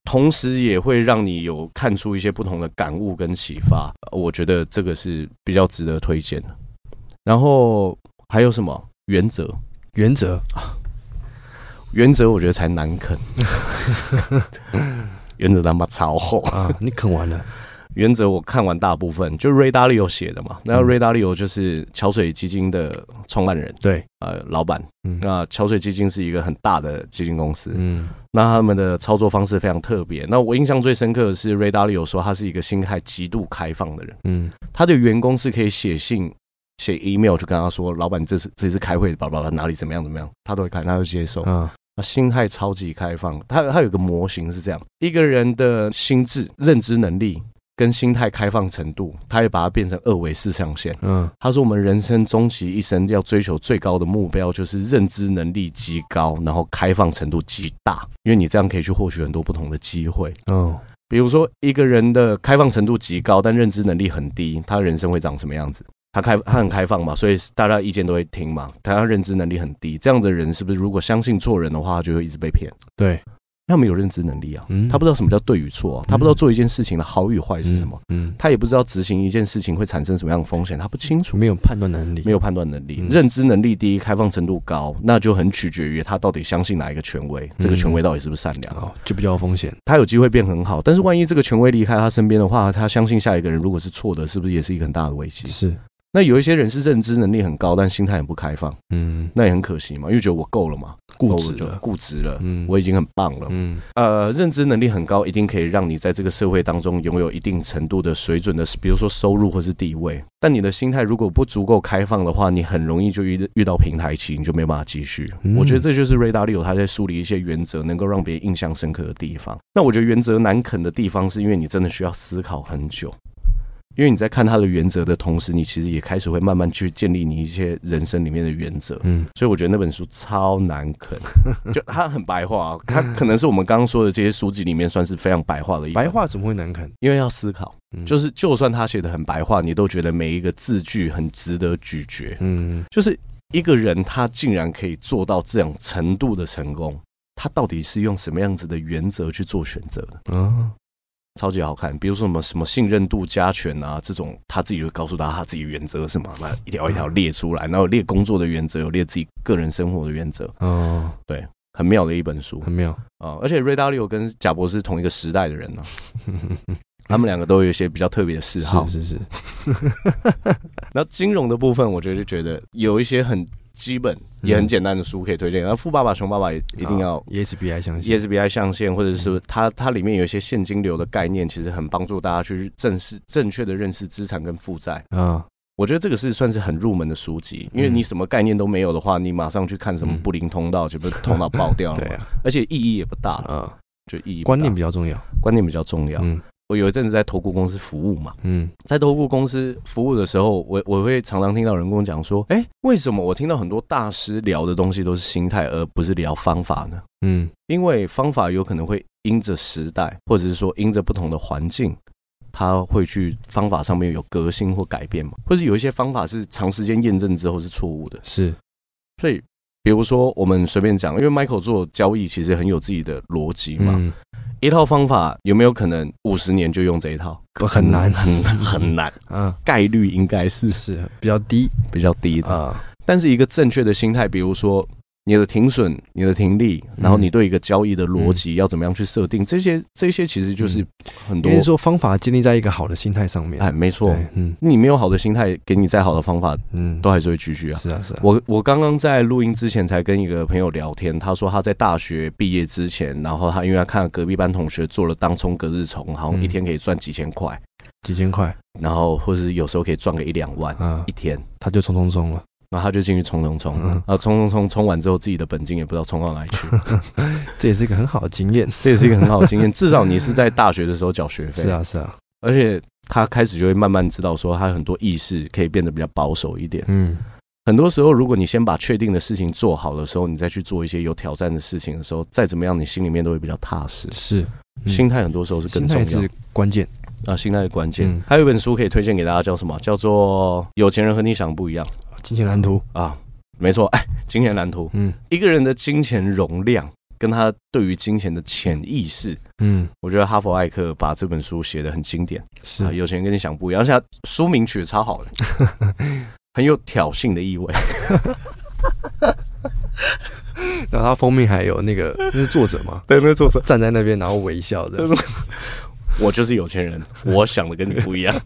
同時也會讓你有看出一些不同的感悟跟啟發。我覺得這個是比較值得推薦的。然後還有什麼？原則？原則啊？原則我覺得才難啃。 原則他媽超厚啊！你啃完了。原則我看完大部分，就是 Ray Dalio 寫的嘛。那、嗯、Ray Dalio 就是橋水基金的創辦人，對，呃，老板。嗯、那橋水基金是一個很大的基金公司，嗯，那他們的操作方式非常特別。嗯、那我印象最深刻的是 Ray Dalio 說，他是一個心態極度開放的人，嗯，他的員工是可以寫信、寫 email 就跟他說，老板你這次這次開會，他哪裡怎麼樣怎麼樣，他都會看，他會接受、嗯啊，心態超級開放。他他有個模型是這樣，一個人的心智認知能力，跟心態開放程度，他也把它變成二維四象限。嗯，他說我們人生終其一生要追求最高的目標，就是認知能力極高，然後開放程度極大。因為你這樣可以去獲取很多不同的機會。嗯，比如說一個人的開放程度極高，但認知能力很低，他人生會長什麼樣子？他開他很開放嘛，所以大家意見都會聽嘛。他認知能力很低，這樣的人是不是如果相信錯人的話，他就會一直被騙？對。他沒有認知能力啊，他不知道什麼叫對與錯，他不知道做一件事情的好與壞是什麼，他也不知道執行一件事情會產生什麼樣的風險，他不清楚，沒有判斷能力，嗯、沒有判斷能力，嗯、認知能力低，開放程度高，那就很取決於他到底相信哪一個權威，這個權威到底是不是善良，就比較風險。他有機會變很好，但是萬一這個權威離開他身邊的話，他相信下一個人如果是錯的，是不是也是一個很大的危機？是。那有一些人是認知能力很高，但心態很不開放，嗯，那也很可惜嘛，因為覺得我夠了嘛，固執了，夠了就固執了，嗯，我已經很棒了，嗯，呃，認知能力很高，一定可以讓你在這個社會當中擁有一定程度的水準的，比如說收入或是地位，但你的心態如果不足夠開放的話，你很容易就遇遇到平台期，你就沒辦法繼續。嗯，我覺得這就是瑞達利歐他在樹立一些原則，能夠讓別人印象深刻的地方。那我覺得原則難啃的地方，是因為你真的需要思考很久。因為你在看他的原則的同時，你其實也開始會慢慢去建立你一些人生裡面的原則。嗯，所以我覺得那本書超難啃， 就他很白話，哦，他，嗯，可能是我們剛剛說的這些書籍裡面算是非常白話的。白話怎麼會難啃？因為要思考，嗯，就是就算他寫的很白話，你都覺得每一個字句很值得咀嚼。嗯，就是一個人他竟然可以做到這樣程度的成功，他到底是用什麼樣子的原則去做選擇的？嗯。超級好看，比如說什麼什麼信任度加權啊，這種他自己就告訴大家他自己原則什麼，那一條一條列出來，然後列工作的原則，有列自己個人生活的原則，哦，對，很妙的一本書，很妙啊、哦，而且瑞達利歐跟賈博士同一個時代的人呢、啊， 他們兩個都有一些比較特別的嗜好，是是是， 那金融的部分，我覺得就覺得有一些很。基本也很簡單的書可以推薦，嗯，那《富爸爸》《窮爸爸》也一定要。ESBI 象限、ESBI 象限，或者是它它裡面有一些現金流的概念，其實很幫助大家去正視正確的認識資產跟負債。嗯，我覺得這個是算是很入門的書籍，因為你什麼概念都沒有的話，你馬上去看什麼布林通道，就被通道爆掉了，而且意義也不大，嗯，就意義。觀念比較重要，觀念比較重要，嗯。我有一陣子在投顧公司服務嘛，嗯，在投顧公司服務的時候，我我會常常聽到人跟我講說，哎、欸，為什麼我聽到很多大師聊的東西都是心態，而不是聊方法呢？嗯，因為方法有可能會因着時代，或者是說因着不同的環境，它會去方法上面有革新或改變嘛，或者有一些方法是長時間驗證之後是錯誤的，是，所以。比如說，我們隨便講，因為 Michael 做交易其實很有自己的邏輯嘛，嗯、一套方法有沒有可能五十年就用這一套？很難，很難很難，概率應該是、嗯、是是比較低，比較低的。嗯、但是一個正確的心態，比如說。你的停損，你的停利，然後你對一個交易的邏輯要怎麼樣去設定？嗯、這些這些其實就是很多。你說方法建立在一個好的心態上面。哎，沒錯。嗯，你沒有好的心態，給你再好的方法，嗯，都還是會繼續啊。是啊，是啊，是啊。我我剛剛在錄音之前才跟一個朋友聊天，他說他在大學畢業之前，然後他因為他看了隔壁班同學做了當沖隔日沖，好像一天可以賺幾千塊，幾千塊，然後或者是有時候可以賺個一兩萬、啊、一天，他就衝衝衝了。然後他就進去衝冲衝啊，嗯、然後衝冲冲，衝完之後自己的本金也不知道衝到哪裡去。呵呵，這也是一個很好的經驗，這也是一個很好的經驗。至少你是在大學的時候繳學費，是啊是啊。是啊，而且他開始就會慢慢知道，說他很多意識可以變得比較保守一點。嗯，很多時候如果你先把確定的事情做好的時候，你再去做一些有挑戰的事情的時候，再怎麼樣，你心裡面都會比較踏實。是，嗯、心態很多時候是更重要。心態是關鍵啊，心態是關鍵。還、嗯、有一本書可以推薦給大家，叫什麼？叫做《有錢人和你想不一樣》。金錢藍圖啊，沒錯，哎，金錢藍圖，嗯，一個人的金錢容量跟他對於金錢的潛意識，嗯，我覺得哈佛艾克把這本書寫的很經典，是啊，有錢人跟你想不一樣，而且他書名取的超好的， 很有挑釁的意味， 然後他封面還有那個，那是作者嗎？對， 那是作者站在那邊，然後微笑的。我就是有錢人，是我想的跟你不一樣。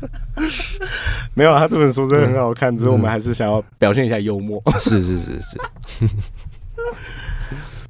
沒有啊，他這本書真的很好看，嗯、只是我們還是想要表現一下幽默。是是是是。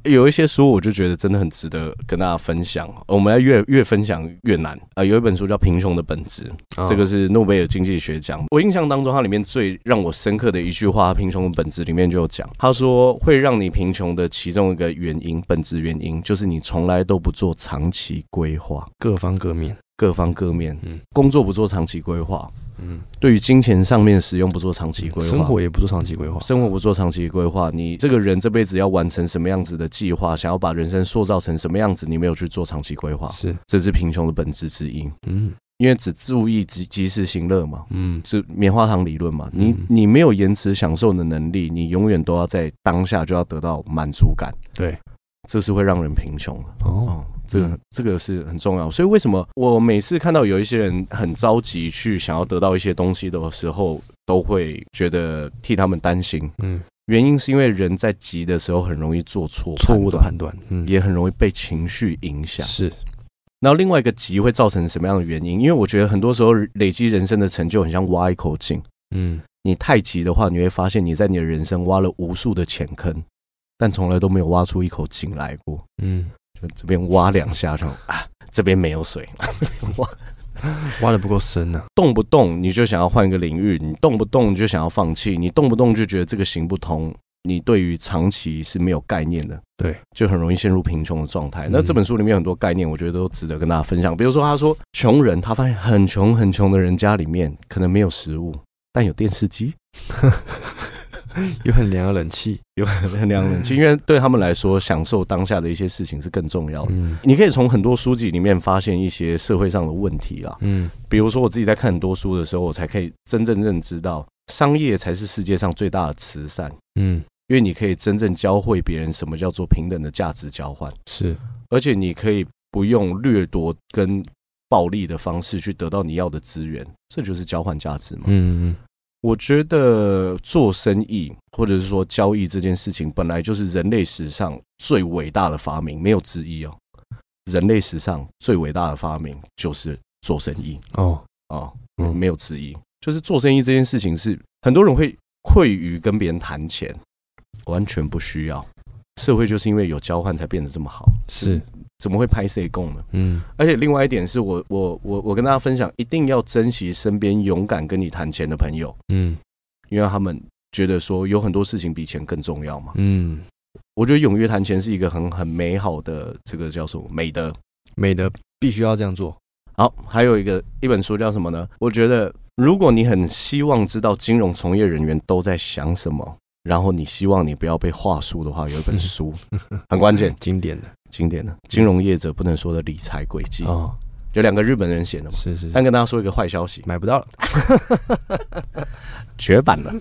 有一些書，我就覺得真的很值得跟大家分享。我們要越越分享越難啊、呃！有一本書叫《貧窮的本質》，哦、這個是諾貝爾經濟學獎。我印象當中，它裡面最讓我深刻的一句話，《貧窮的本質》裡面就有講，他說，會讓你貧窮的其中一個原因，本質原因就是你從來都不做長期規劃。各方各面，各方各面，嗯，工作不做長期規劃。嗯，對於金錢上面使用不做長期規劃，生活也不做長期規劃，生活不做長期規劃，你這個人這輩子要完成什麼樣子的計劃，想要把人生塑造成什麼樣子，你沒有去做長期規劃，是這是貧窮的本質之一。嗯，因為只注意及及時行樂嘛，嗯，是棉花糖理論嘛，嗯，你你沒有延遲享受的能力，你永遠都要在當下就要得到滿足感，對，這是會讓人貧窮的哦。哦這個這個是很重要，所以為什麼我每次看到有一些人很着急去想要得到一些東西的時候，都會覺得替他們擔心。嗯，原因是因為人在急的時候很容易做錯錯誤的判斷，嗯，也很容易被情緒影響。是，然後另外一個急會造成什麼樣的原因？因為我覺得很多時候累積人生的成就很像挖一口井，嗯，你太急的話，你會發現你在你的人生挖了無數的淺坑，但從來都沒有挖出一口井來過。嗯。這邊挖兩下，然後啊，這邊沒有水， 挖挖的不夠深呢、啊。動不動你就想要換一個領域，你動不動就想要放棄，你動不動就覺得這個行不通，你對於長期是沒有概念的，對，就很容易陷入貧窮的狀態。嗯、那這本書裡面有很多概念，我覺得都值得跟大家分享。比如說，他說窮人，他發現很窮很窮的人家裡面可能沒有食物，但有電視機。 有很涼的冷氣，有很涼冷氣，因為對他們來說，享受當下的一些事情是更重要的。嗯、你可以從很多書籍裡面發現一些社會上的問題啊，嗯，比如說我自己在看很多書的時候，我才可以真正認知到，商業才是世界上最大的慈善，嗯，因為你可以真正教會別人什麼叫做平等的價值交換，是，而且你可以不用掠奪跟暴力的方式去得到你要的資源，這就是交換價值嘛，嗯，嗯。我覺得做生意，或者是說交易這件事情，本來就是人類史上最偉大的發明，沒有之一哦。人類史上最偉大的發明就是做生意哦哦，沒有之一。就是做生意這件事情是很多人會愧於跟別人談錢，完全不需要。社會就是因為有交換才變得這麼好，是。怎麼會拍誰供呢？嗯，而且另外一點是我我我我跟大家分享，一定要珍惜身邊勇敢跟你談錢的朋友，嗯，因為他們覺得說有很多事情比錢更重要嘛。嗯，我覺得踴躍談錢是一個很很美好的這個叫什麼美德，美德必須要這樣做。好，還有一個一本書叫什麼呢？我覺得如果你很希望知道金融從業人員都在想什麼，然後你希望你不要被話術的話，有一本書 很關鍵，經典的。經典的金融業者不能說的理財詭計，就有兩個日本人寫的，是是。但跟大家說一個壞消息，買不到了，絕版了。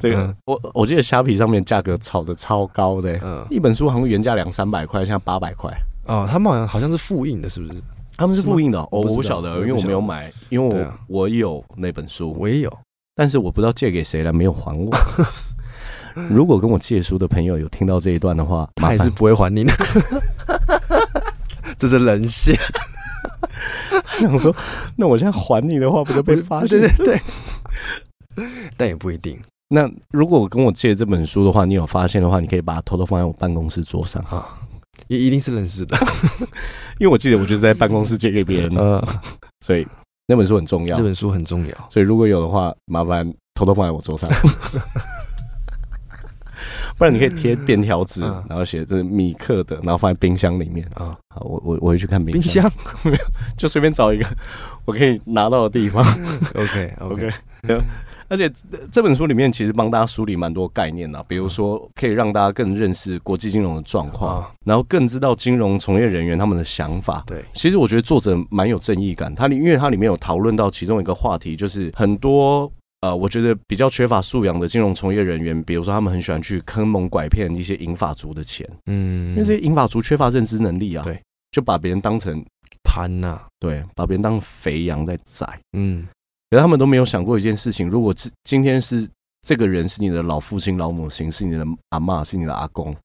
這個我我記得蝦皮上面價格炒的超高的，嗯，一本書好像原價兩三百塊，現在八百塊。哦，他們好像好像是複印的，是不是？他們是複印的，我我不曉得，因為我沒有買，因為我我有那本書，我也有，但是我不知道借給誰了，沒有還我。如果跟我借書的朋友有聽到這一段的話，他還是不會還你的。這是人性。 想說，那我現在還你的話，不就被發現？對對對。但也不一定。 那如果跟我借這本書的話，你有發現的話，你可以把它偷偷放在我辦公室桌上啊。也一定是認識的， 因為我記得我就是在辦公室借給別人，嗯呃、所以那本書很重要。這本書很重要。所以如果有的話，麻煩偷偷放在我桌上。 不然你可以貼便條紙，然後寫這是米克的，然後放在冰箱裡面。啊，好，我我我會去看冰箱，沒有箱， 就隨便找一個我可以拿到的地方。 OK OK， 而且這本書裡面其實幫大家梳理蠻多概念的，比如說可以讓大家更認識國際金融的狀況，Wow. 然後更知道金融從業人員他們的想法。對，其實我覺得作者蠻有正義感，他因為它裡面有討論到其中一個話題，就是很多。呃，我覺得比較缺乏素養的金融從業人員，比如說他們很喜歡去坑蒙拐騙一些銀髮族的錢，嗯，因為這些銀髮族缺乏認知能力啊，對，就把別人當成盤吶，啊、對，把別人當肥羊在宰，嗯，可是他們都沒有想過一件事情，如果今今天是這個人是你的老父親、老母親，是你的阿媽、是你的阿公，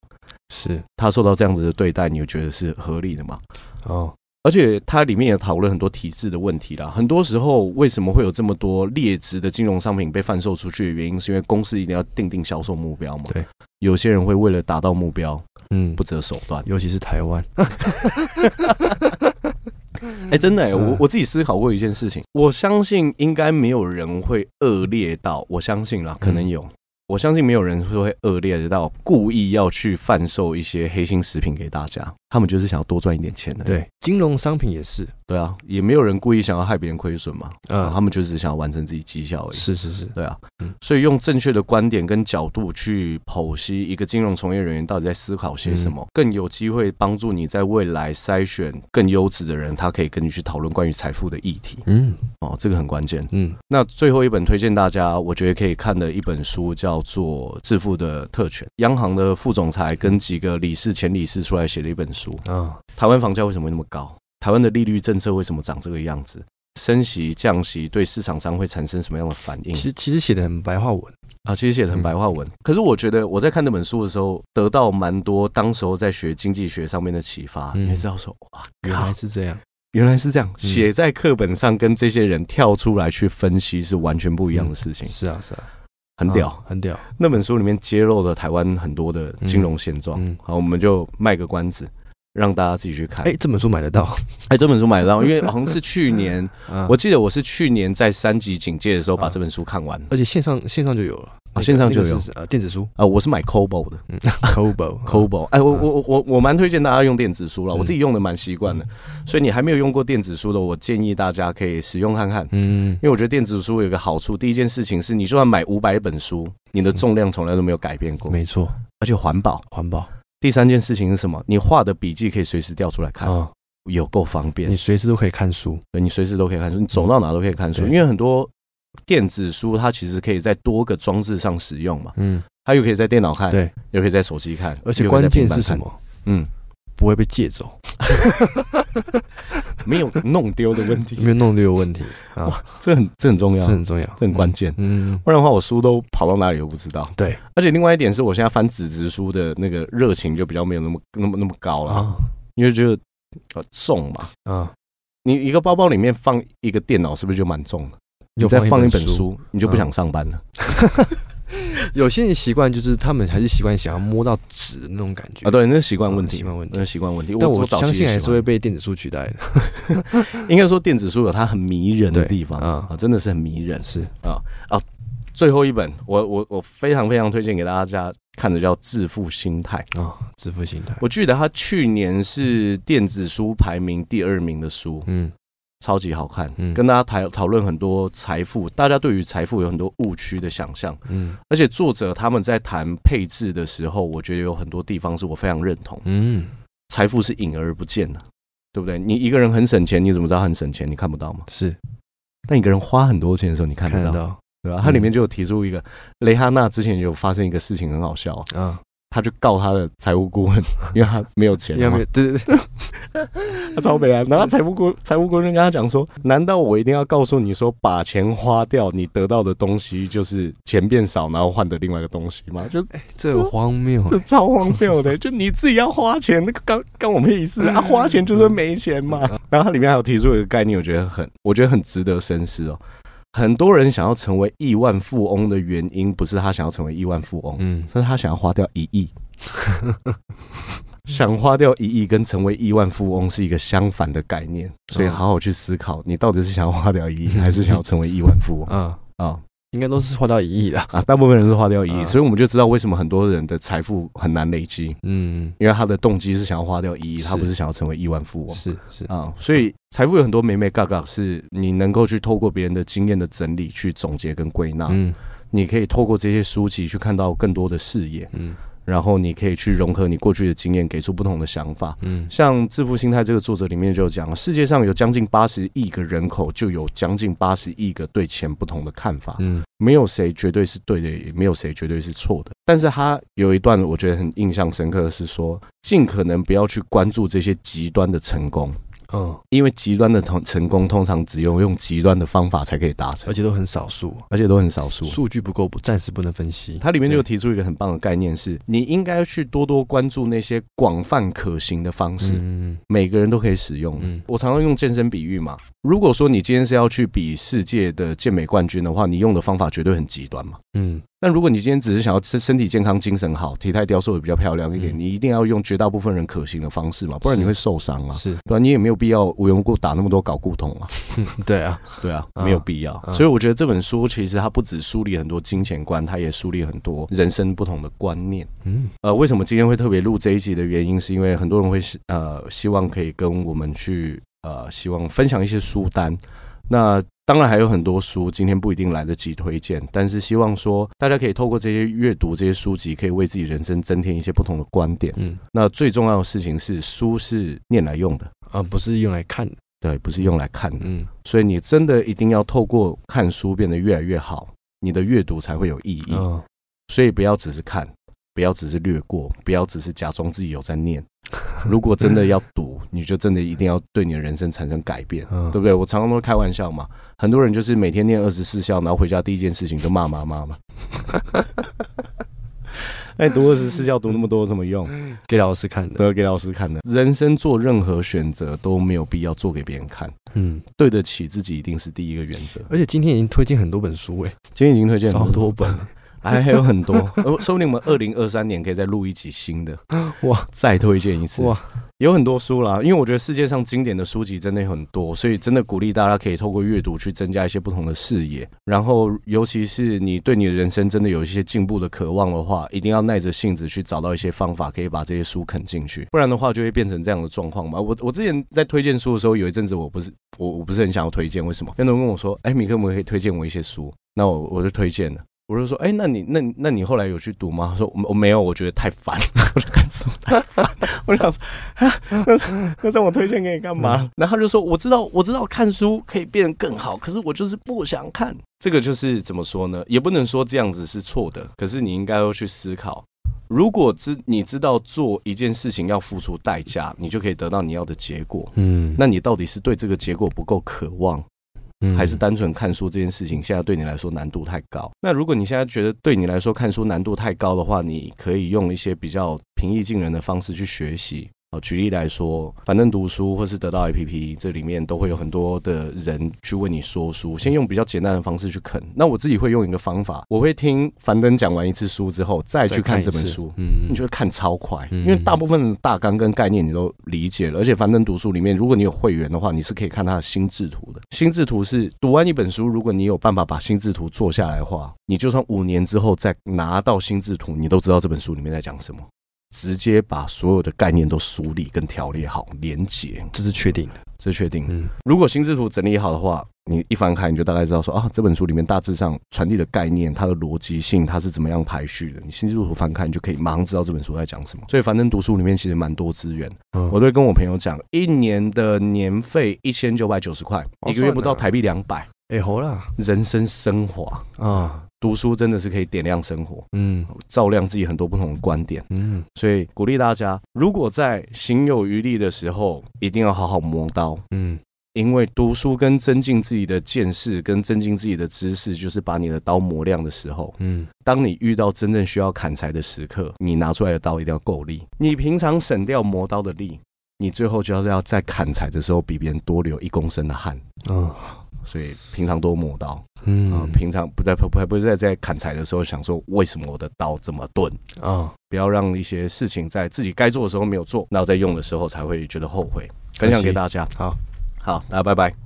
是他受到這樣子的對待，你又覺得是合理的嗎？哦。而且它裡面也討論很多體制的問題啦。很多時候，為什麼會有這麼多劣質的金融商品被販售出去的原因，是因為公司一定要訂定銷售目標嘛。對，有些人會為了達到目標，嗯，不擇手段。尤其是台灣。哎， 欸、真的、欸嗯、我我自己思考過一件事情，我相信應該沒有人會惡劣到，我相信啦，可能有，嗯、我相信沒有人會惡劣到故意要去販售一些黑心食品給大家。他們就是想要多賺一點錢的，對，金融商品也是，對啊，也沒有人故意想要害別人虧損嘛，嗯、呃，他們就是想要完成自己績效而已，是是是，對啊，嗯、所以用正確的觀點跟角度去剖析一個金融從業人員到底在思考些什麼，嗯、更有機會幫助你在未來篩選更優質的人，他可以跟你去討論關於財富的議題，嗯，哦，這個很關鍵，嗯，那最後一本推薦大家，我覺得可以看的一本書叫做《致富的特權》，央行的副總裁跟幾個理事、前理事出來寫的一本書。嗯，哦、台灣房價為什麼那麼高？台灣的利率政策為什麼長這個樣子？升息、降息對市場上會產生什麼樣的反應？其實其實寫的很白話文啊，其實寫的很白話文。可是我覺得我在看那本書的時候，得到蠻多當時候在學經濟學上面的啟發。也知道說，哇，原來是這樣，原來是這樣。寫、嗯、在課本上跟這些人跳出來去分析是完全不一樣的事情。嗯、是啊，是啊，很屌、哦，很屌。那本書裡面揭露了台灣很多的金融現狀，嗯嗯、好，我們就賣個關子。讓大家自己去看。哎、欸，這本書買得到？哎、欸，這本書買得到，因為好像是去年，嗯、我記得我是去年在三級警戒的時候把這本書看完，而且線上線上就有了，那個啊、線上就有、呃、電子書啊、呃，我是買 Kobo 的、嗯、Kobo、嗯、Kobo 哎，我、嗯、我我我我蠻推薦大家用電子書了，我自己用的蠻習慣的，所以你還沒有用過電子書的，我建議大家可以使用看看，嗯，因為我覺得電子書有一個好處，第一件事情是，你就算買五百本書，你的重量從來都沒有改變過，沒錯、嗯，而且環保，環保。第三件事情是什麼？你畫的筆記可以隨時調出來看，哦，有夠方便。你隨時都可以看書，對，你隨時都可以看書，你走到哪都可以看書。嗯，因為很多電子書它其實可以在多個裝置上使用嘛，嗯，它又可以在電腦看，對，又可以在手機看，而且關鍵是什麼？嗯，不會被借走。 沒有弄丟的問題，沒有弄丟的問題啊，這很這很重要，這很重要，這很重要這很關鍵。嗯，不然的話，我書都跑到哪裡都不知道。對、嗯，而且另外一點是我現在翻紙質書的那個熱情就比較沒有那麼那麼那麼高了啊，因為就很、呃、重嘛。啊你一個包包裡面放一個電腦是不是就蠻重的？嗯、你再放一本書，你就不想上班了。嗯 有些人習慣就是他們還是習慣想要摸到紙的那種感覺啊，對，那是習慣問題，嗯、習慣問題，那是習慣問題。但我相信還是會被電子書取代的。 應該說電子書有它很迷人的地方對啊，真的是很迷人，是啊啊。最後一本，我我我非常非常推薦給大家看的叫《致富心態》啊，哦、《致富心態》。我記得他去年是電子書排名第二名的書，嗯。超級好看，嗯、跟大家談討論很多財富，大家對於財富有很多誤區的想象，嗯，而且作者他們在談配置的時候，我覺得有很多地方是我非常認同，嗯，財富是隱而不見的，對不對？你一個人很省錢，你怎麼知道很省錢？你看不到嗎？是，但一個人花很多錢的時候，你看不到，看不到，對吧？它、嗯、裡面就有提出一個，蕾哈娜之前有發生一個事情，很好笑啊。嗯他就告他的財務顧問，因為他沒有錢。 有對對對， 他超悲哀。然後財務顧財務顧問跟他講說：“難道我一定要告訴你說，把錢花掉，你得到的東西就是錢變少，然後換的另外一個東西嗎？”就、欸、這荒謬、欸，這超荒謬的。 就你自己要花錢，那個幹、幹我屁事，啊！花錢就是沒錢嘛。然後他裡面還有提出一個概念，我覺得很，我覺得很值得深思哦。很多人想要成為億萬富翁的原因，不是他想要成為億萬富翁，嗯，是他想要花掉一億。 想花掉一億，跟成為億萬富翁是一個相反的概念，所以好好去思考，你到底是想要花掉一億，還是想要成為億萬富翁？嗯啊。哦應該都是花掉一億的啊，大部分人是花掉一億，嗯、所以我們就知道為什麼很多人的財富很難累積。嗯，因為他的動機是想要花掉一億，他不是想要成為億萬富翁。是是啊、嗯，所以財富有很多美美嘎嘎，是你能夠去透過別人的經驗的整理去總結跟歸納。嗯，你可以透過這些書籍去看到更多的視野。嗯。然後你可以去融合你過去的經驗，給出不同的想法。嗯，像《致富心態》這個作者裡面就講，世界上有將近八十億個人口，就有將近八十億個對錢不同的看法。嗯，沒有誰絕對是對的，也沒有誰絕對是錯的。但是他有一段我覺得很印象深刻，的是說，盡可能不要去關注這些極端的成功。嗯，因為極端的成功通常只有用極端的方法才可以達成，而且都很少數，而且都很少數，數據不夠，暫時不能分析。它裡面對就有提出一個很棒的概念是，是你應該去多多關注那些廣泛可行的方式，嗯嗯嗯，每個人都可以使用。嗯嗯，我常常用健身比喻嘛，如果說你今天是要去比世界的健美冠軍的話，你用的方法絕對很極端嘛。嗯。但如果你今天只是想要身身體健康、精神好、體態雕塑也比較漂亮一點，嗯、你一定要用絕大部分人可行的方式嘛，不然你會受傷啊。是，不然你也沒有必要無緣無故打那麼多搞骨頭 對啊。對啊，對啊，沒有必要。嗯、所以我覺得這本書其實它不止梳理很多金錢觀，它也梳理很多人生不同的觀念。嗯，呃，為什麼今天會特別錄這一集的原因，是因為很多人會呃希望可以跟我們去呃希望分享一些書單。那當然還有很多書，今天不一定來得及推薦，但是希望說大家可以透過這些閱讀這些書籍，可以為自己人生增添一些不同的觀點。嗯，那最重要的事情是書是念來用的而、啊、不是用來看的。對，不是用來看的。嗯，所以你真的一定要透過看書變得越來越好，你的閱讀才會有意義。嗯、哦，所以不要只是看。不要只是略過，不要只是假裝自己有在念。如果真的要讀，你就真的一定要對你的人生產生改變，嗯、對不對？我常常都會開玩笑嘛，很多人就是每天念二十四孝，然後回家第一件事情就罵媽媽媽嘛。哎， 讀二十四孝讀那麼多有什麼用？給老師看的，對，給老師看的。人生做任何選擇都沒有必要做給別人看。嗯，對得起自己一定是第一個原則。而且今天已經推薦很多本書哎、欸，今天已經推薦好多本。還、哎、有很多，說不定我們二零二三年可以再錄一集新的，哇，再推薦一次，哇，有很多書啦，因為我覺得世界上經典的書籍真的很多，所以真的鼓勵大家可以透過閱讀去增加一些不同的視野，然後尤其是你對你的人生真的有一些進步的渴望的話，一定要耐着性子去找到一些方法，可以把這些書啃進去，不然的話就會變成這樣的狀況嘛。我我之前在推薦書的時候，有一陣子我不是我我不是很想要推薦，為什麼？很多人問我說，哎，米克，我可以推薦我一些書，那我我就推薦了。我就說，哎、欸，那你那你那你後來有去讀嗎？他說我、哦、沒有，我覺得太煩 了，看書太煩。我想說、啊，那那我推薦給你幹嘛、嗯？然後他就說，我知道我知道看書可以變得更好，可是我就是不想看。這個就是怎麼說呢？也不能說這樣子是錯的，可是你應該要去思考，如果知你知道做一件事情要付出代價，你就可以得到你要的結果。嗯，那你到底是對這個結果不夠渴望？還是單純看書這件事情，現在對你來說難度太高？那如果你現在覺得對你來說看書難度太高的話，你可以用一些比較平易近人的方式去學習。哦，舉例來說，樊登讀書或是得到 APP，這裡面都會有很多的人去為你說書。先用比較簡單的方式去啃。那我自己會用一個方法，我會聽樊登講完一次書之後，再去看這本書。嗯，你就會看超快，因為大部分的大綱跟概念你都理解了。而且樊登讀書裡面，如果你有會員的話，你是可以看他的心智圖的。心智圖是讀完一本書，如果你有辦法把心智圖做下來的話，你就算五年之後再拿到心智圖，你都知道這本書裡面在講什麼。直接把所有的概念都梳理跟條列好，連結，這是確定的，嗯、這是確定的。嗯、如果心智圖整理好的話，你一翻看你就大概知道說啊，這本書裡面大致上傳遞的概念，它的邏輯性，它是怎麼樣排序的。你心智圖翻看你就可以馬上知道這本書在講什麼。所以，樊登讀書裡面其實蠻多資源，嗯、我都會跟我朋友講，一年的年費一千九百九十塊，一個月不到台幣兩百，哎，好了，人生升華啊。讀書真的是可以點亮生活，嗯，照亮自己很多不同的觀點，嗯，所以鼓勵大家，如果在行有餘力的時候，一定要好好磨刀，嗯，因為讀書跟增進自己的見識跟增進自己的知識，就是把你的刀磨亮的時候，嗯，當你遇到真正需要砍柴的時刻，你拿出來的刀一定要夠力。你平常省掉磨刀的力，你最後就是要在砍柴的時候比別人多流一公升的汗，嗯、哦。所以平常多磨刀，嗯，平常不在不不不，不在在砍柴的時候想說為什麼我的刀這麼鈍啊？哦、不要讓一些事情在自己該做的時候沒有做，那在用的時候才會覺得後悔。是分享給大家，好，好，好，大家拜拜。